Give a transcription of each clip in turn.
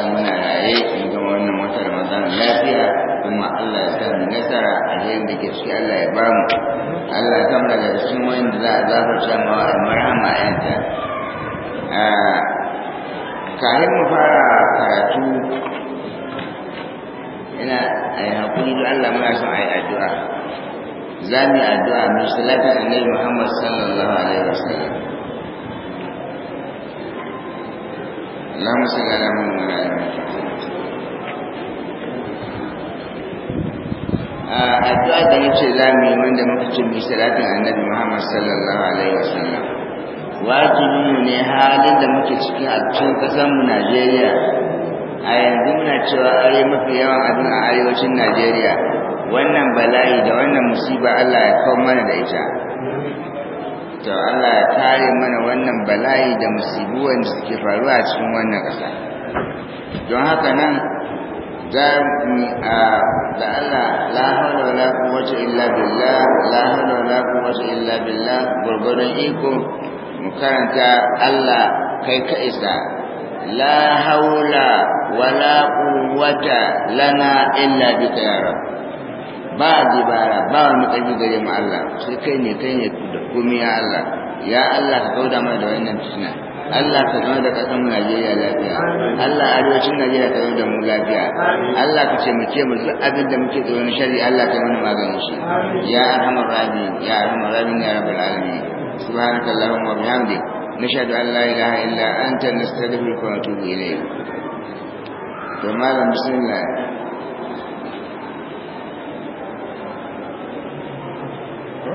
sa muna raye mu gama wannan watan Ramadan lafiya kuma Allah ya sa nasara a yayin da ke Allah ya ba mu Allah ya kamar da su da za a shama ma wa marhama yanta kayan mu fara karatu ina a yi haƙuri da Allah muna son a yi addu'a za mu yi addu'a mai salatin annabi Muhammad sallallahu alaihi wasallam اللهم صل على محمد وعلى addu'a da nace za mu yi wanda muka ce mu salatin annabi Muhammad sallallahu alaihi wasallam wajibi ne halin da muke cikin a cikin kasar mu Najeriya a yanzu muna cewa are mafi yawan abin a arewacin Najeriya wannan bala'i da wannan musiba Allah ya kawo mana da ita to Allah ya tare mana wannan bala'i da musibuwan da suke faruwa a cikin wannan ƙasa don haka nan za mu a da Allah la hawla wala quwwata illa billah la hawla wala quwwata illa billah gurgurun iko mu karanta Allah kai ka isa la hawla wala quwwata lana illa bika ya ba dibara ba wani ƙarfi gare mu Allah sai kai ne kai ne da komai ya Allah ya Allah ka kauda mana da wannan fitina Allah ka zama da kasan Najeriya lafiya Allah arewacin Najeriya ka zama da mu lafiya Allah ka ce mu ce mu duk abin da muke tsoron shari Allah ka mana magani shi ya arhamar rabi ya arhamar rabi ya rabbal alamin subhanakallahumma wa bihamdik nashhadu an la ilaha illa anta nastaghfiruka wa natubu ilayk to malam bismillah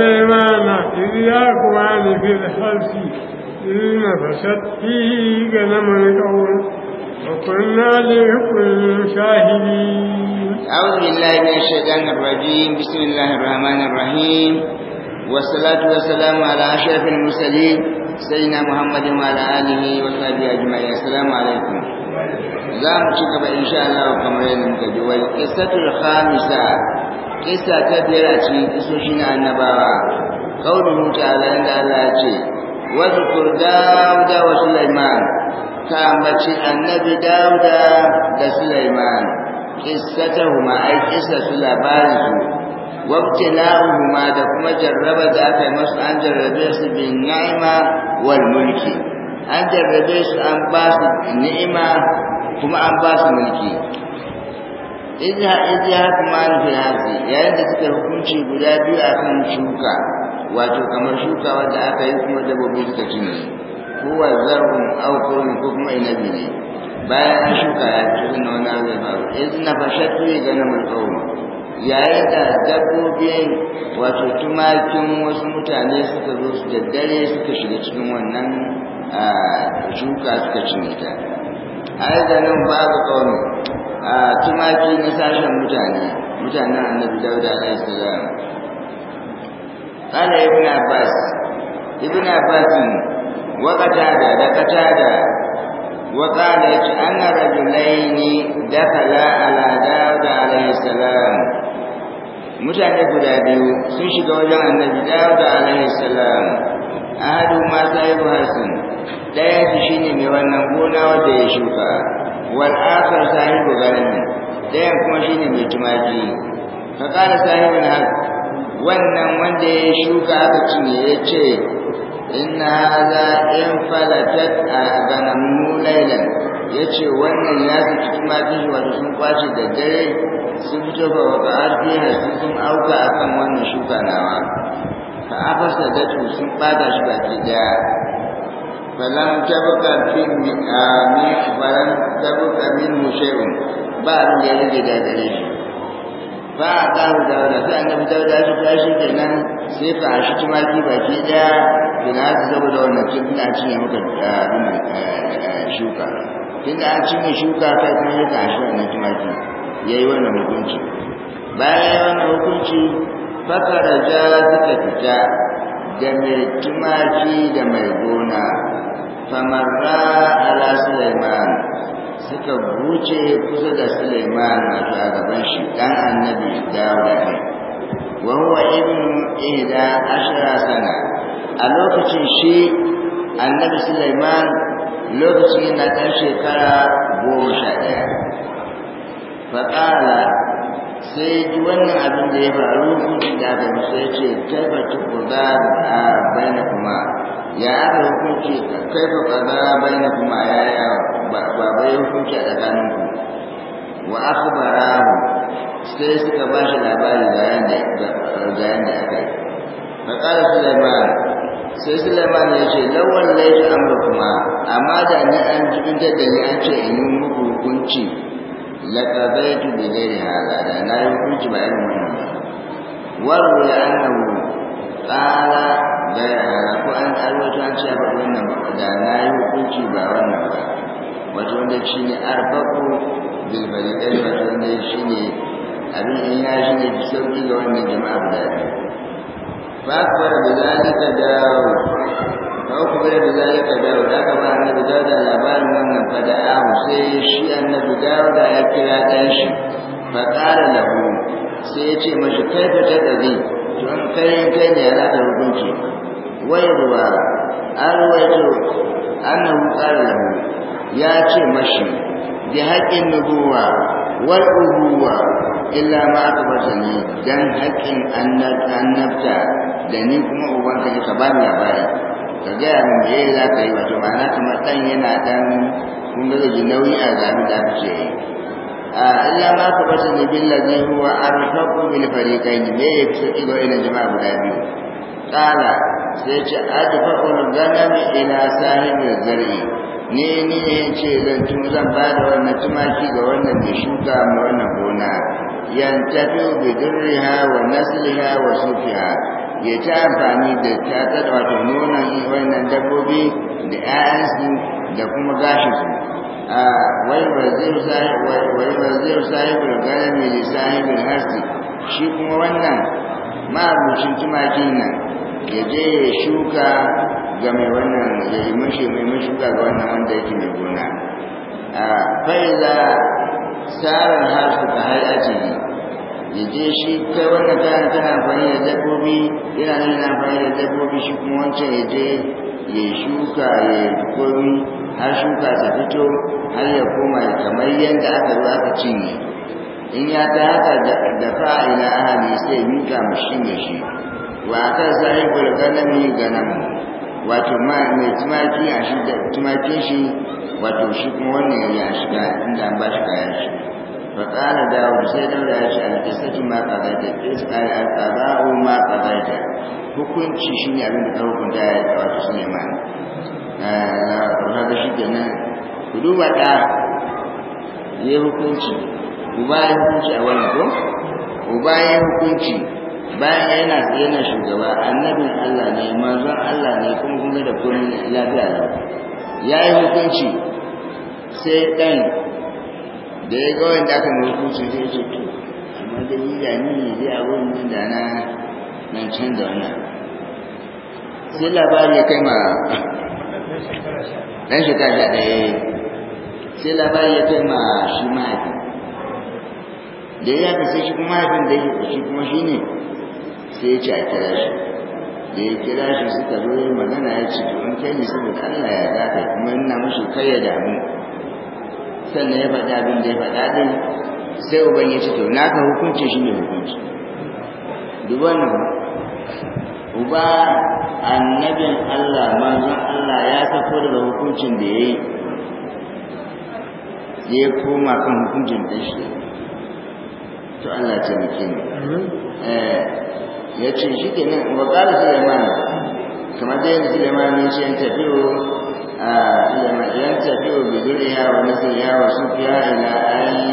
سليمان إذ ياكوان في الحلف إذ نفشت فيه غنم القوم وكنا لكل شاهدين أعوذ بالله من الشيطان الرجيم بسم الله الرحمن الرحيم والصلاة والسلام على أشرف المرسلين سيدنا محمد وعلى آله وصحبه أجمعين السلام عليكم زام شكرا إن شاء الله وكمرين الجدول قصة الخامسة kisa ta biyar a cikin kisoshi na annabawa kaunuhu ta'ala da Allah ya ce wadhkur dawuda wa sulaiman ka ambaci annabi dauda da sulaiman huma ai kisa su labarin su kuma da kuma jarraba da aka yi masu an jarrabe su bin na'ima wal mulki an jarrabe su an ba su ni'ima kuma an ba su mulki idha idha kuma fil ardi yayin da suka hukunci guda biyu akan shuka wato kamar shuka wanda aka yi kuma dabbobi suka Ko wa zarun aw kurun ko kuma inabi ne bayan an shuka ya fito na wani abu ya faru idna fashatu ga na mulkawu yayin da dabbobin wato tumakin wasu mutane suka zo su daddare suka shiga cikin wannan ah, shuka suka cinye ta aidanin ba ga kawai A tumaki na sashen mutane mutanen annabi dauda alaihi salam qala ibn abbas ibn abbas wa qatada da qatada wa qala anna rajulaini dakala ala dauda alaihi salam mutane guda biyu sun shiga wajen annabi dauda alaihi salam ahadu ma sahibu hasan daya shi ne mai wannan gona wanda ya shuka wal akhar sahibu gharami dayan shine mai tumaji fa qala sahibul haq wannan wanda ya shuka aka cinye ya ce inna hadha in falatat ganamu laylan ya ce wannan ya saki tumajin shi sun kwace da dare sun fito ba wata arziya sun auka akan wannan shuka nawa fa sadatu sun bada shi baki daya فلم تبقى في فلم تبقى منه شيء بعد يرجع ذلك فأعطاه دولة فأنا بدولة أشوف كنا سيف عشت ما في بكيدا في ناس دولة ونكتبنا أشياء مكتبنا shuka tunda an cinye shuka kai kuma ya tashi wannan tumaki ya yi wannan hukunci bayan ya yi wannan hukunci fakara ja suka fita da mai da mai gona famarra ala Sulaiman suka buce kusa da Sulaiman a gaban shi dan annabi Dawud kai wa ibn ihda ashara sana a lokacin shi annabi Sulaiman lokacin yana ɗan shekara goma sha ɗaya faƙala sai ji wannan abin da ya faru da aka musu ya ce tabbatu ku za a ya da hukunci kai fa kaza bayna kuma yaya ba bai hukunci a tsakanin ku wa akhbarahu sai suka ba shi labari ga yanda ga da aka yi ka qala sulaiman sai sulaiman ya ce lawan laifi amru kuma amma da ni an ji inda da ni an ce in yi muku hukunci laqadaitu bi ghairi hada da na yi hukunci ba Wani wannan ba warwa annahu qala tambaya da ko an aiwata an ce ba wannan da na yi hukunci ba wannan ba wato wanda shi ne arbaku bilbali ɗan wato wanda shi ne abin in ya shi ne sauƙi ga wannan jama'a ba ku da zalika dawo ba ku da dawo da aka ba annabi dawo da labarin wannan sai shi annabi dawo da ya kira ɗan shi fa ƙara lahu sai ya ce mashi kai ka ta ɗari don kai kai ne za ta hukunci wai ruwa an waito annahu qala lahu ya ce mashi bi haqqin nubuwa wal ubuwa illa ma aka akbatani dan haqqin annabta da ni kuma ubanka ne ka bani labari ka gaya min me za ka yi wato ma'ana kamar dan yana dan kun ga nauyi a zamu da yi. illa ma ka bata ne billazi huwa arfaqu bil fariqain ne ya fi sauki ga wannan jama'a guda biyu Ƙara, sai ce adfaqu al-ghanam ila sahibi zari ne ne ce zan tun zan ba da wannan tumaki ga wannan mai shuka mu wannan gona Yan yantafi bi durriha wa nasliha wa sufiha ya ta amfani da ta tada wato nonon wannan dabbobi da 'ya'yansu da kuma gashinsu waiwazir zai galami da da sahibul hasi shi kuma wannan ma'abucin tumakin nan ya je ya shuka ga mai wannan ya yi mashi mai mashuka ga wannan wanda yake mai gona a faiza tsarin hasu ta hayyaci ne ya je shi ta wannan kayan tana amfani da dabbobi yana nuna amfani da dabbobi shi kuma wancan ya je ya shuka ya kuri har shuka ta fito har ya koma kamar yadda aka zo aka cinye in ya ta haka da fa'ila ahali sai mika mashi ne shi wa aka sai bulganami ganamu wato mai tumaki a shi da tumakin shi wato shi kuma wannan ya shiga inda an ba shi kayan shi Bakara داود sai da ya ce alƙisatu ma ƙazaita alƙaza'u ma ƙazaita hukunci shi ne abin da ta hukunta ya yi wato su ne ma da shi ku duba ɗa ya hukunci uba ya hukunci a wani ko uba ya hukunci bayan yana yana shugaba annabin Allah ne manzon Allah ne kuma kuma da kullum lafiya ya yi hukunci sai ɗan da ya ga wanda aka mai hukunci zai ce to amma da yi da ni ne zai abin nan da na nan canza wannan sai labari ya kai ma ɗan shekara sha ɗaya sai labari ya kai ma shi mahaifin da ya fi sai shi kuma mahaifin da ya shi kuma shi ne sai ya ce a kira shi da ya kira shi suka zo magana ya ce to kai ne saboda Allah ya zaka kuma ina mashi kai ya damu sannan ya faɗa abin da ya faɗa ɗin sai uban ya ce to naka hukunci shi ne hukunci duban uba annabin Allah manzon Allah ya sako daga hukuncin da ya yi ya koma kan hukuncin da shi to Allah ya taimake ni eh, ya ce shi ke nan wa ƙara Suleiman kamar da yadda Suleiman ya ce tafiyo a ah, ya wani sai ya wa na ayi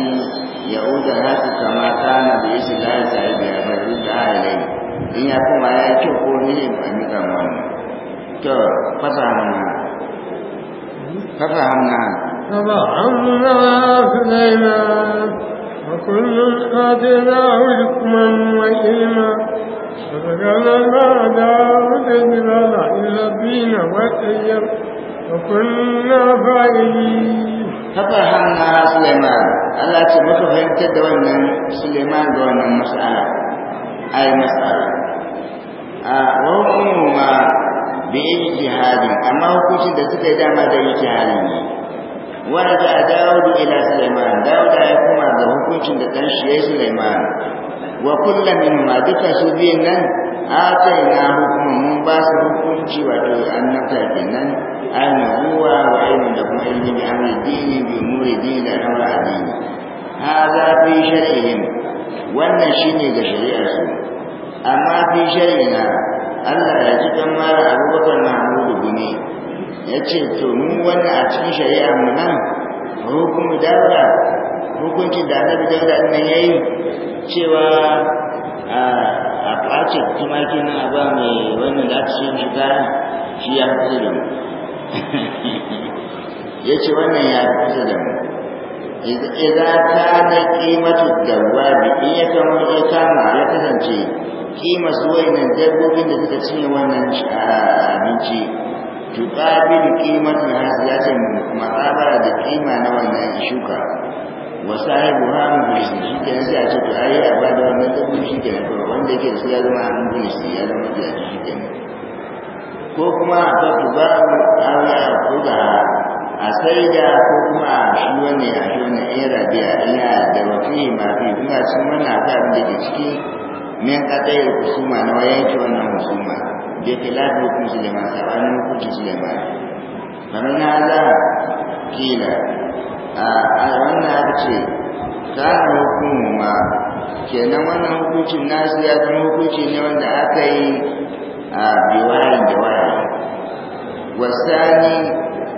ya wuce haka kamata na da yi shiga ya sa yadda ya bari da kuma ya ni in fahimi ka mani to fasa hamna daina a kullum ka ce na wuce da wuce gida na ilabi yau وكنا فاعلين ففهمنا سليمان الله ce muka fahimtar da wannan Suleiman wannan a hukumu ma amma hukuncin dama da ijtihadin ne wanda Dawud ila Suleiman Dawud ya kuma ga hukuncin da dan shi Suleiman wa kullu min ma duka su biyan nan atayna hukuma mun ba su hukunci wato annabta kenan an nubuwa wa ilmin da kuma ilmin da amri dini bi umuri dini da al'amura addini hadha fi shar'ihim wannan shine ga shari'a su amma fi shar'ina Allah ya ji kan mara Abubakar Mahmudu Gumi ya ce to mu wannan a cikin shari'a mu nan hukumu daura hukuncin da annabi daura nan yayi cewa a kuma tumaki na ba mai wannan da aka ce shi ya fi da mu ya ce wannan ya fi da mu idza kimatu da dawabi in ya kama ya kama ya kasance kima su wayannan dabbobin da suka cinye wannan abinci tuqabil qimatul hasi ya ce maqabara da kima na wannan shuka wa sahibu mu bi shi ke sai a ce to ai a bada wannan dabbobin shi ke nan abin da yake da ya zama an da shi ya zama da shi ke ko kuma a ta tuba ala tuba a sai da ko kuma a shi wani a shi wani rabi a ina da wafi mafi kuma sun wani a abin da ke ciki ne min kadai kusuma na wayan ke wannan kusuma da ke lafi hukun su da masu wani hukunci da masu kamar na ala kila a wannan ce ta hukun ma kenan wannan hukuncin nasu ya zama hukunci ne wanda aka yi a biwayin da waya wasani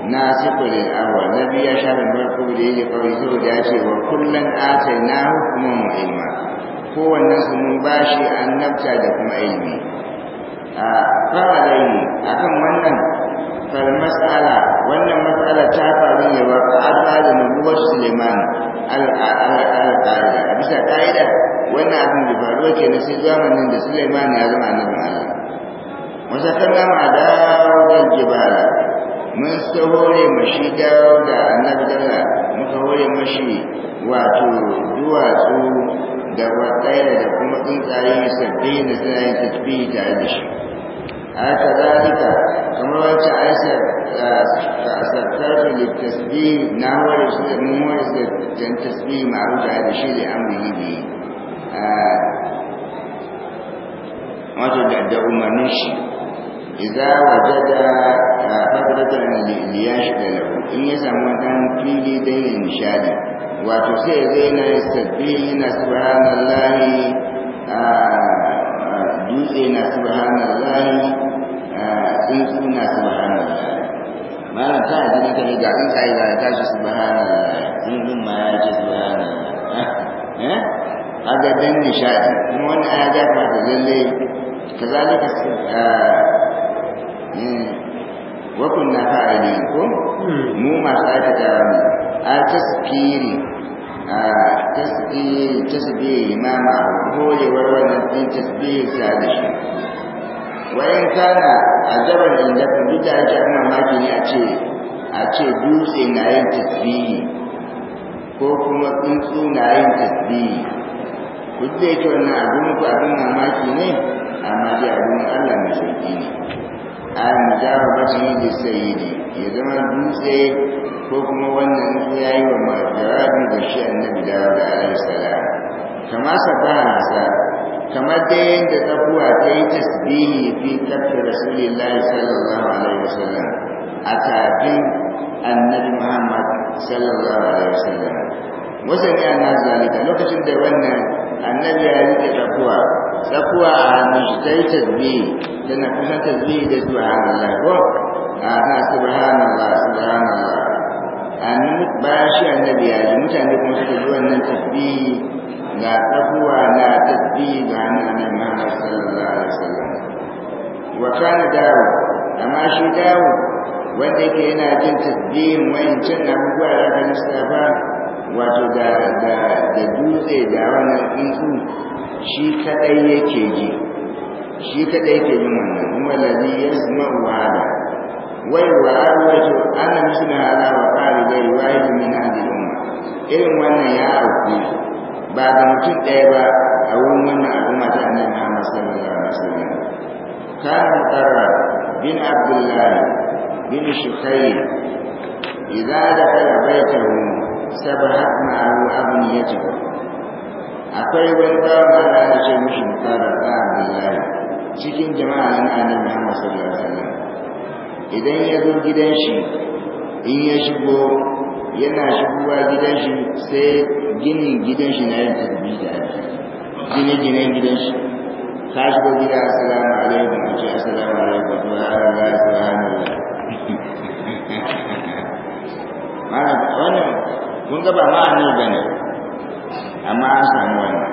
na sifirin awa na biya shafin farko da yake kawai saboda ya ce wa kullum aka na hukumar mu'ilma kowanne su mun bashi annabta da kuma ilimi a a akan wannan fal mas'ala wannan matsala ta faru ne wa ba'ada da nubuwar Suleiman al'ada a bisa ka'ida wannan abin da faru ke na sai zamanin da suleiman ya zama annabin Allah wasa kalla ma dawo da jibala mun sahore mashi dawo da annabi dala muka hore mashi wato duwatsu da wakaira da kuma tsuntsaye sabbi da suna yin tasbi tare da shi A haka zalika kamar wacce aisha na wani su da mummuni su da jan tasbi ma'arufa da shi da amuri ne a wato da umarnin shi iza waje da fadlatar liya shi da lahu in ya samu dan fili don yin nishadi wato sai zai yana yin sabbi yana a dutse na subhanallahi tsuntsu na subhanallahi malam ta yanzu ne kare ga an kai da ta shi subhanallah zungun ma ya ce subhanallah eh? eh? kaga dan nishadi kuma wani aya ta fara da lalle kazalika eh, wa kunna fa'ilin ko hmm. mu masu aikata a tasbiri a tasbiri tasbiri ma ma'a horewar wannan tasbiri ta da shi wayan kana ajaban inda duk da yake ana maki ne a ce a ce dutse na yin tasbihi ko kuma tsuntsu na yin tasbihi duk da yake wannan abin ku abin mamaki ne amma dai abin Allah mai sauki ne a mujarabacin da ne, ya zama dutse ko kuma wannan ya yi wa majarabi da shi annabi da wa da alaihi salam kama sabaha sa. kamar da yadda tafuwa ta yi tasbihi fi kafi rasulillahi sallallahu alaihi wasallam a tafin annabi muhammad sallallahu alaihi wasallam wasan ya na zalika lokacin da wannan annabi ya rike tafuwa tafuwa a hannun shi ta yi tasbihi tana kusan tasbihi da subhanallah ko a ha subhanallah subhanallah an bayan shi annabi ya ji mutane kuma suka ji wannan tasbihi ga tsakuwa na tasbihi ga hannun annabi Muhammad sallallahu alaihi wasallam wa kana dawo amma shi dawo wanda ke yana jin tasbihin wayancin abubuwa da aka lissafa wato da da da dutse da wannan tsuntsu shi kadai yake ji shi kadai yake jin wannan kuma ladhi yasma'u wahala. wai wa arwatu ana misla hada wa qali bai wahid min hadhihi al-umma irin wannan ya auku ba ga mutum ɗaya ba a wurin wannan al'umma ta annabi Muhammad sallallahu alaihi wasallam kana tarra bin Abdullah bin Shukayr idza dakala baytahu sabahat ma'ahu abniyatuhu akwai wani bawan Allah da ce mishi mutarar ɗan Abdullah cikin jama'a na annabi Muhammad sallallahu alaihi wasallam idan ya zo gidan shi in ya shigo yana shigowa gidan shi sai ginin gidan shi na yin tasbi da gine ginen gidan shi ka shigo gida assalamu alaikum ka ce assalamu alaikum to ya Allah subhanallah mana wannan kun ga ba ma ne bane amma an samu wannan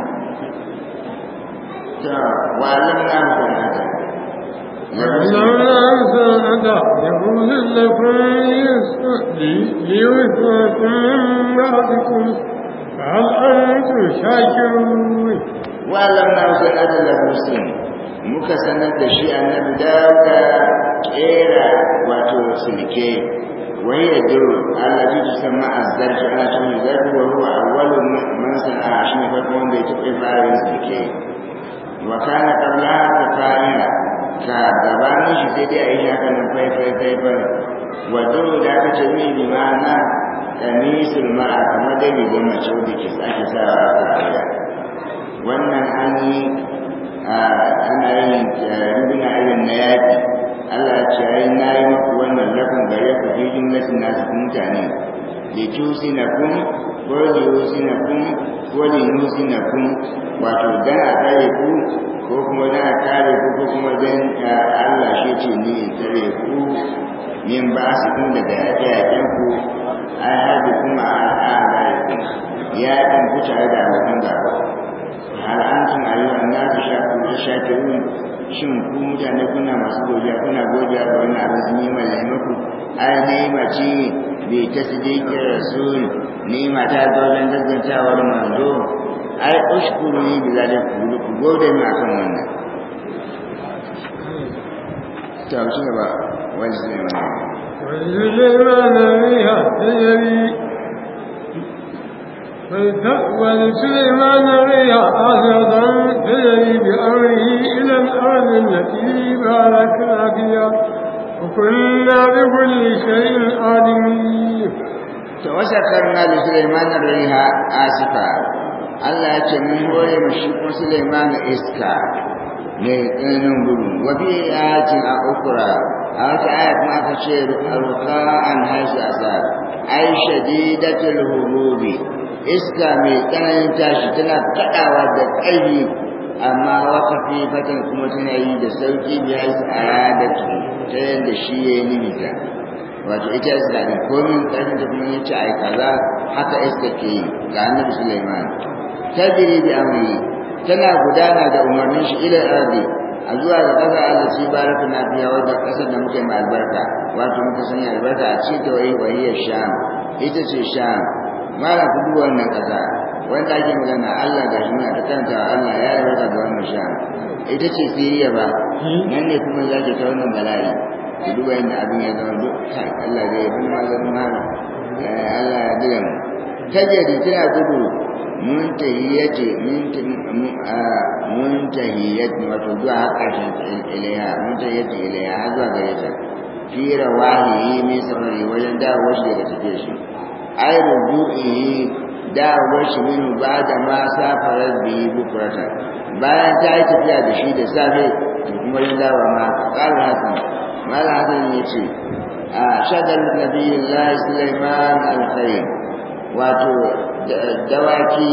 ta wallan na sanata يمنعون سنة يقول لكم يسأل ليوثكم من بعدكم هل أنت شاكرون ولما سأل له سن muka sanar da shi annabi daga kera wato silke wai ya duru Allah ji san ma azzar shi ana tun zar wa a awwalu man a shi ne farko wanda ya tafi fara silke wa kana qabla ta fa'ila ka gabanin shi sai dai a yi haka nan fai fai fai fai wa duru da aka ce mai limana tamisul mara kamar dalilin mace wadda ke ake sawa a al'ada wannan an yi ana yin runduna irin na yaƙi Allah ce ai na yi muku wannan lafin gare ku fi jimlatin nasu mutane da kyusi na kun ko da yusi na kun ko da yusi na kun wato dan a kare ku ko kuma za a kare ku ko kuma ka Allah shi ce ni in tsare ku min ba su kun daga ya yaƙen ku ai haɗu kuma al'ada ya ɗan ku tare da abokan da hal an tun ayyuan na su shakirun shin ku mutane kuna masu godiya kuna godiya ga wani abin an yi mai maku ai dai ce bai ta su je rasul ni'ima ta ga wajen gaggantawar manzo أي أشكرني بذلك قولك قولي ما كان منا تعجب وزينا وزينا بها تجري وسليمان ريا أيضا تجري بأمره إلى الأرض التي بارك فيها وكنا بكل شيء عليم توسكرنا لسليمان ريا آسفا Allah ya ce mun goye mu shi kuma Suleiman iska mai tsananin gudu wa bi ayatin a ukura a wata aya kuma aka ce ruka an haisa asar ai shadidatul hurubi iska mai tsananin tashi tana kadawa da ƙarfi amma wata fifatan kuma tana yi da sauki bi haisu aradatu ta yadda shi ya yi nimita wato ita iska ne komin ƙarfin da kuma ya ce ai kaza haka iska ke yi ga annabi Suleiman tajri bi amrihi tana gudana da umarnin shi ila ardi a zuwa ga ƙasa Allah shi baraka na fiya wajen ƙasar da muke mai albarka wato muka sanya albarka a cikin ta wayi wahiyar sham ita ce sham mara kudu wannan ƙasa wanda ake magana Allah da shi muna ta kanta Allah ya albarka da wannan sham ita ce siriya ba nan ne kuma za ta wannan bala'i ku duba yadda abin ya zama duk Allah zai yi kuma zama eh, Allah ya jiya mu tajari tana gudu muntahiyati muntahiyati wato zuwa har ƙarshen ilaiha muntahiyati ilaiha har zuwa gare ta fi rawahihi min safari wajen dawo shi daga tafiya shi ai rubu'ihi dawo shi min ba da ma safarar yi bukurata bayan ta yi tafiya da shi da safe to kuma ya dawo ma ƙarar hakan mala hakan ya ce a shagar nabi Allah Sulaiman al-Khair wato dawaki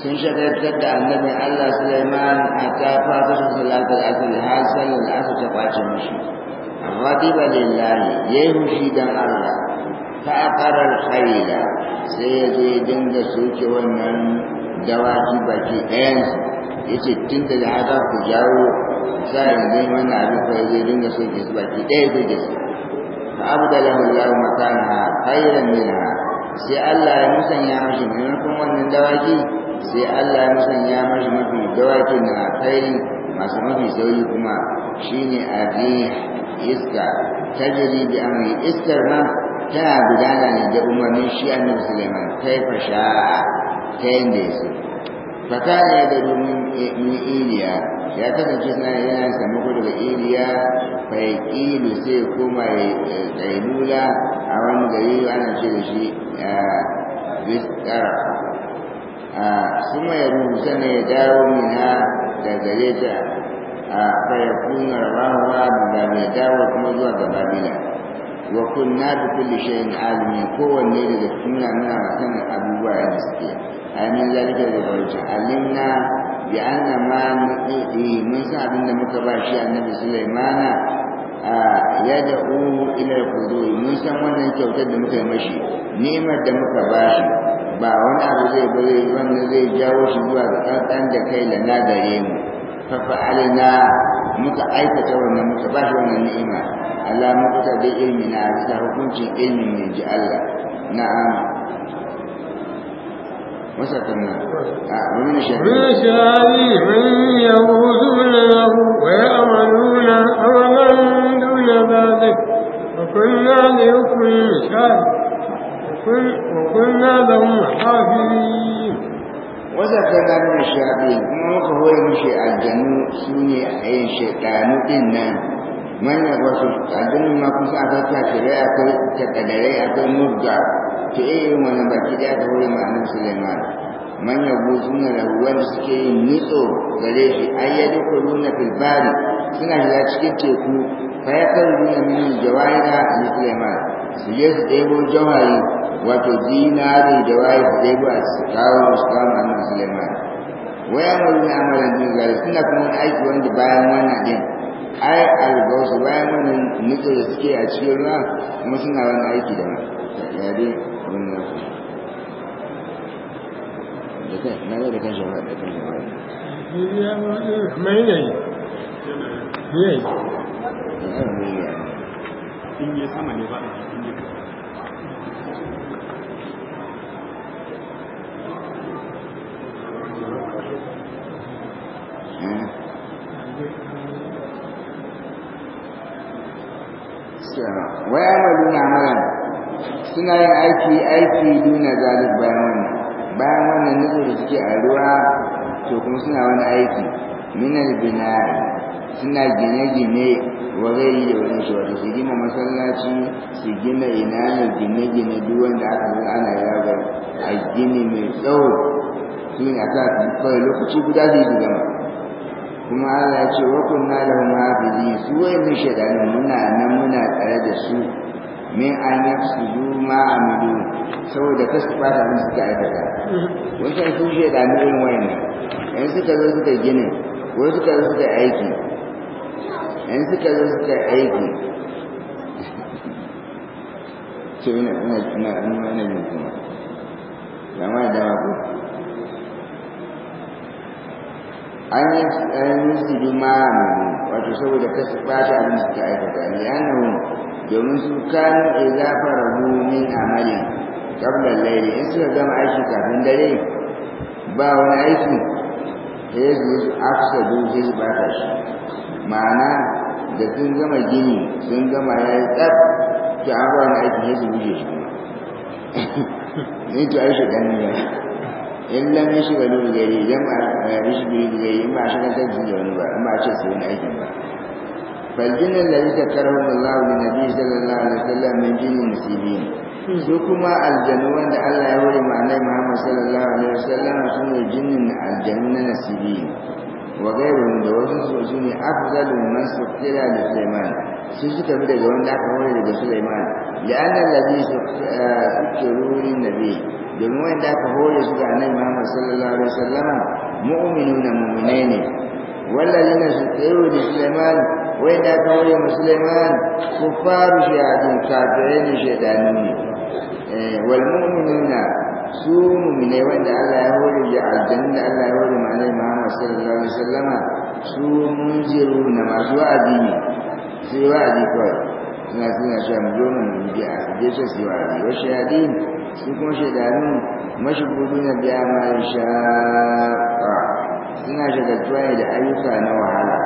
sun shagaltar da annabi Allah Sulaiman a kafa kashin salatul asr har sallar asr ta kwace mishi ghadiba lillahi yayi mushi dan Allah fa aqara al sai ya je dinga soke wannan dawaki baki ya ce tun daga haka ku jawo sai ne wannan abin fa zai dinga soke su baki ɗaya zai gaske fa abdala lahu makana khayran minha sai Allah ya musanya mashi maimakon wannan dawaki sai Allah ya musanya mashi mafi dawakin na kai masu mafi sauri kuma shine arih iska ta tajri bi amri iskar ma tana gudana ne da umarnin shi annabi ta kai fasha ta yanda ya so fakana ya da min iliya ya kasance suna yana samu da iliya fa yaqilu sai kuma ya tsailula wani yi ana ce da shi bistara suma ya rubuta ne ya dawo mina da gare ta a fayakuna rawa da mai dawo kuma zuwa ga babila wa na bi kulli shay'in alimi kowanne daga suna nuna sanin abubuwa yadda suke amin zalika da barci alimna bi na ma eh, mun san abin da muka ba shi annabi sulaimana ya da'u ila al-qudur mun san wannan kyautar da muka yi mashi nemar da muka ba shi ba wani abu zai bari wanda zai jawo shi zuwa ga kankan da kai da na gare mu fa fa'alna muka aikata wannan muka ba shi wannan ni'ima Allah muka ta da ilmi na da hukuncin ilmi ne ji Allah na'am وسكننا من شهادة من يغوثون له ويأملون أملا وكنا ذلك وكنا لحكم شاهد وكنا لهم حافظين وذكرنا من الشياطين ما هو يمشي الجنو سوني أي شيطان إنه manyan wasu addinin akwai kafirai akwai murga ta irin wani baki da aka wuri ma'anin suleiman manyan gusu na rahuwan suke yin nutso gare shi ai ya suna shiga cikin teku fayakaruna min jawahira mithl ma su je su ɗebo jawari wato dinari da waye su ɗebo a kawo musu kawo annabi Sulaiman wayan wani amalan din gari suna kuma aiki wanda bayan wannan ɗin ai algausu bayan wannan nutsu da suke a cikin ruwa kuma suna wani aiki da ma ya dai wannan na ga da kan shawara da kan shawara mai ne in yi sama ne suna yin aiki aiki duna zalik bayan wannan bayan wannan nutsu da suke a ruwa to kuma suna wani aiki minal bina'i suna gine-gine wazai da wani shawarar su gina masallaci su gina ina ne gine-gine duk wanda aka zai ana yaga a gini mai tsawo su ne a sa kawai lokaci guda zai su gama kuma Allah ya ce wa kunna zai yi su mai shaidanin muna nan muna tsare da su min an zu ma amidu saboda su fata mun suka aikata wancan su shaidanu irin ne. in suka zo suka ginin ko suka zo suka aiki in suka zo suka aiki ce ina ina ina ina ina kuma kama da ku an yi musu bi ma'amuru wato saboda kasu ɓata abin suka aikata ne nuna domin su kan e gafara hu min amalin kablan laili in suka gama aiki kafin dare ba wani aiki sai su afisa duk sai su ɓata shi ma'ana da sun gama gini sun gama ya yi tsaf to an ba aiki ya su wuce shi ne to ai shi ganin ba in lam ya shiga lulu gari idan ma a yi rishi lulu gari in ba a shiga kan jini wani ba in ba a ce su wani aikin ba faljinin da yake karfin Allah da Nabi sallallahu alaihi wasallam min jinin musibin su kuma aljanu wanda Allah ya wuri ma Muhammad sallallahu alaihi wasallam su ne jinin aljanu na nasibi وغير المدوزين سوزيني أفضل من سقتل لسليمان سيسوك بدا جوان لا تقول لك سليمان لأن الذي سقتلوا آه، للنبي دموين لا تقول لك أن الإمام صلى الله عليه وسلم مؤمنون مؤمنين والذين سقتلوا لسليمان وين لا تقول لك سليمان كفار شهادين كافرين شهدانين آه، والمؤمنون su mummune wanda Allah ya hore da aljanna da Allah ya hore ma'anai Muhammad sallallahu alaihi wasallam su mun munziru na masu wa'azi ne su yi wa'azi kawai suna suna cewa mu zo mun bi a je su su yi wa'azi wa shahadin su kuma shaidanu mashugudu na biya ma shaqa suna shagaltuwa ne da ayyuka na wahala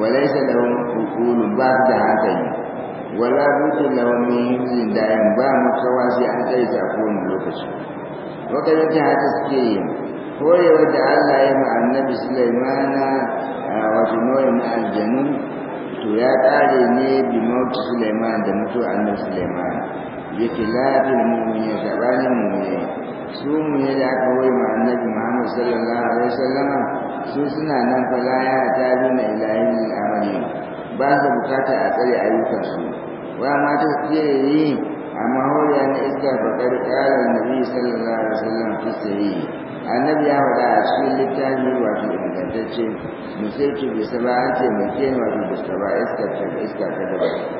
وليس ba عقول بعد هاتين wala bukin lawan min himzin dayan ba kawai sai an tsaye ta kowane lokaci wakilin haka suke korewar da Allah ya ma annabi Sulaimana a wato nau'in na aljanu to ya kare ne bi mautu Sulaiman da mutu annabi Sulaiman yake lafiyar mummuni sabanin mummuni su mummuni da aka wai ma annabi Muhammad sallallahu alaihi wasallama su suna nan fa tabi na ilahin amali ba su a tsare ayyukansu wa ma ta yi amma horiya na iska bakar ƙarar nabi sallallahu alaihi wasallam fi sahi annabi ya faɗa a cikin littafi wato ingantacce musulci bisa ba an taimake wato bisa ba iska ta iska ta gaba